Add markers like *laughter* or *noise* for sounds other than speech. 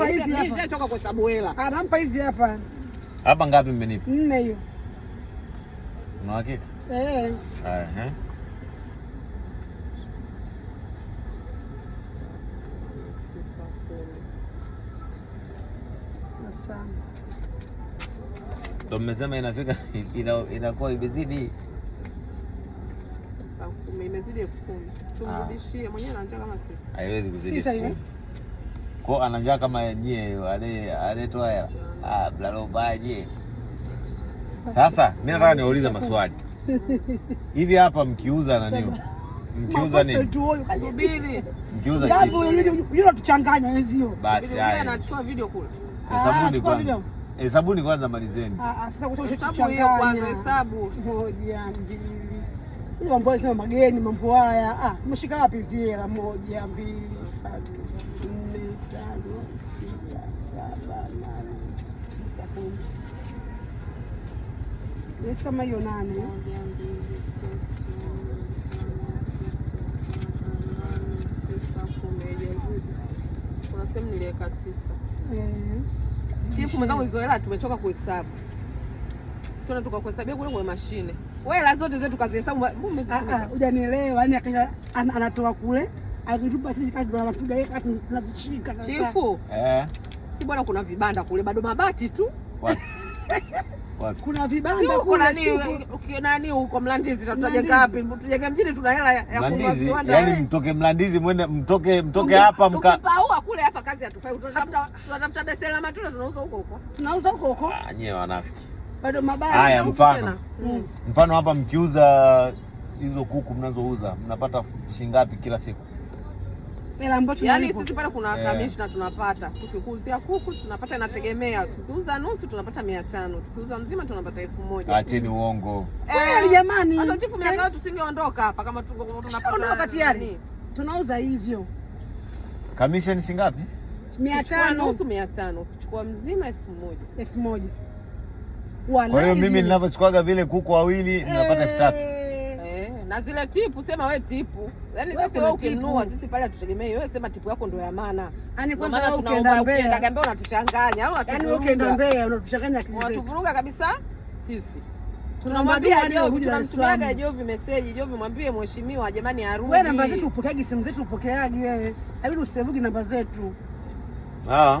anampa hizi hapa. kwa sababu hela. Anampa ah, hizi hapa. Hapa ngapi mmenipa? Nne hiyo. Una hakika? Eh. Eh. Ndio mmesema inafika *laughs* inakuwa imezidi imezidi elfu kumi. Ah. Tumrudishie mwenyewe anataka kama sisi. Haiwezi kuzidi. Kwao anajaa kama nyie aletoa hela ah, blalobaje? Sasa mi nataka niwauliza maswali hivi hapa, mkiuza nani? Mkiuza nini? Mkiuza basi, haya hesabuni eh, kwanza, hesabuni eh, kwanza, malizeni. Ah, ah, mambo ambayo sema mageni mambo haya. Ah, umeshika wapi ziela? Moja, mbili, tatu, nne, tano, sita, saba, nane, tisa, kumi. Yes, kama hiyo nane kuna sehemu niliweka tisa. Eh. mwenzangu, hizo hela tumechoka kuhesabu, tunatoka kuhesabia kule kwenye mashine wewe la zote zetu kazihesabu. Ah, ah, hujanielewa, yani akisha anatoa kule akitupa sisi kati tunapiga yeye kati tunazishika. Chifu. Eh. Si bwana kuna vibanda kule bado mabati tu. Wapi? *laughs* Kuna vibanda kule nani nani huko Mlandizi tutajenga wapi? Tujenge mjini tuna hela ya kuwa viwanda. Yaani eh. mtoke Mlandizi mwende mtoke mtoke hapa mka. Tukipaua kule hapa kazi hatufai. Tunatafuta tunatafuta besela matunda tunauza huko huko. Tunauza huko huko. Ah, nyewe wanafiki bado mabaya. Haya, mfano mm. mfano hapa mkiuza hizo kuku mnazouza mnapata shilingi ngapi kila siku? Yaani sisi pale kuna eh. kamishna tunapata, tukikuuzia kuku tunapata, inategemea tukiuza nusu tunapata 500. tukiuza mzima tunapata 1000. moja Acheni hmm. uongo kweli eh. jamani, hata chifu miaka yaani tusingeondoka hapa kama tunapata tayari tunauza hivyo. Kamishna ni shilingi ngapi? 500. nusu 500. tano mzima 1000. 1000. Kwa hiyo mimi ninavyochukuaga vile kuku wawili ninapata elfu tatu eh. Eh, na zile tipu, sema we tipu, yaani sisi wewe ukinunua, sisi pale tutegemee wewe, sema tipu yako ndio ya maana. Yaani kwanza wewe ukienda Mbeya, ukienda unatuchanganya au yaani wewe ukienda Mbeya unatuchanganya akili zetu, unatuvuruga kabisa sisi. Tunamwambia Jovi, tunamtumiaga Jovi message, Jovi mwambie mheshimiwa, jamani arudi. Wewe namba zetu upokeagi, simu zetu upokeagi wewe, abidi usivugi namba zetu ah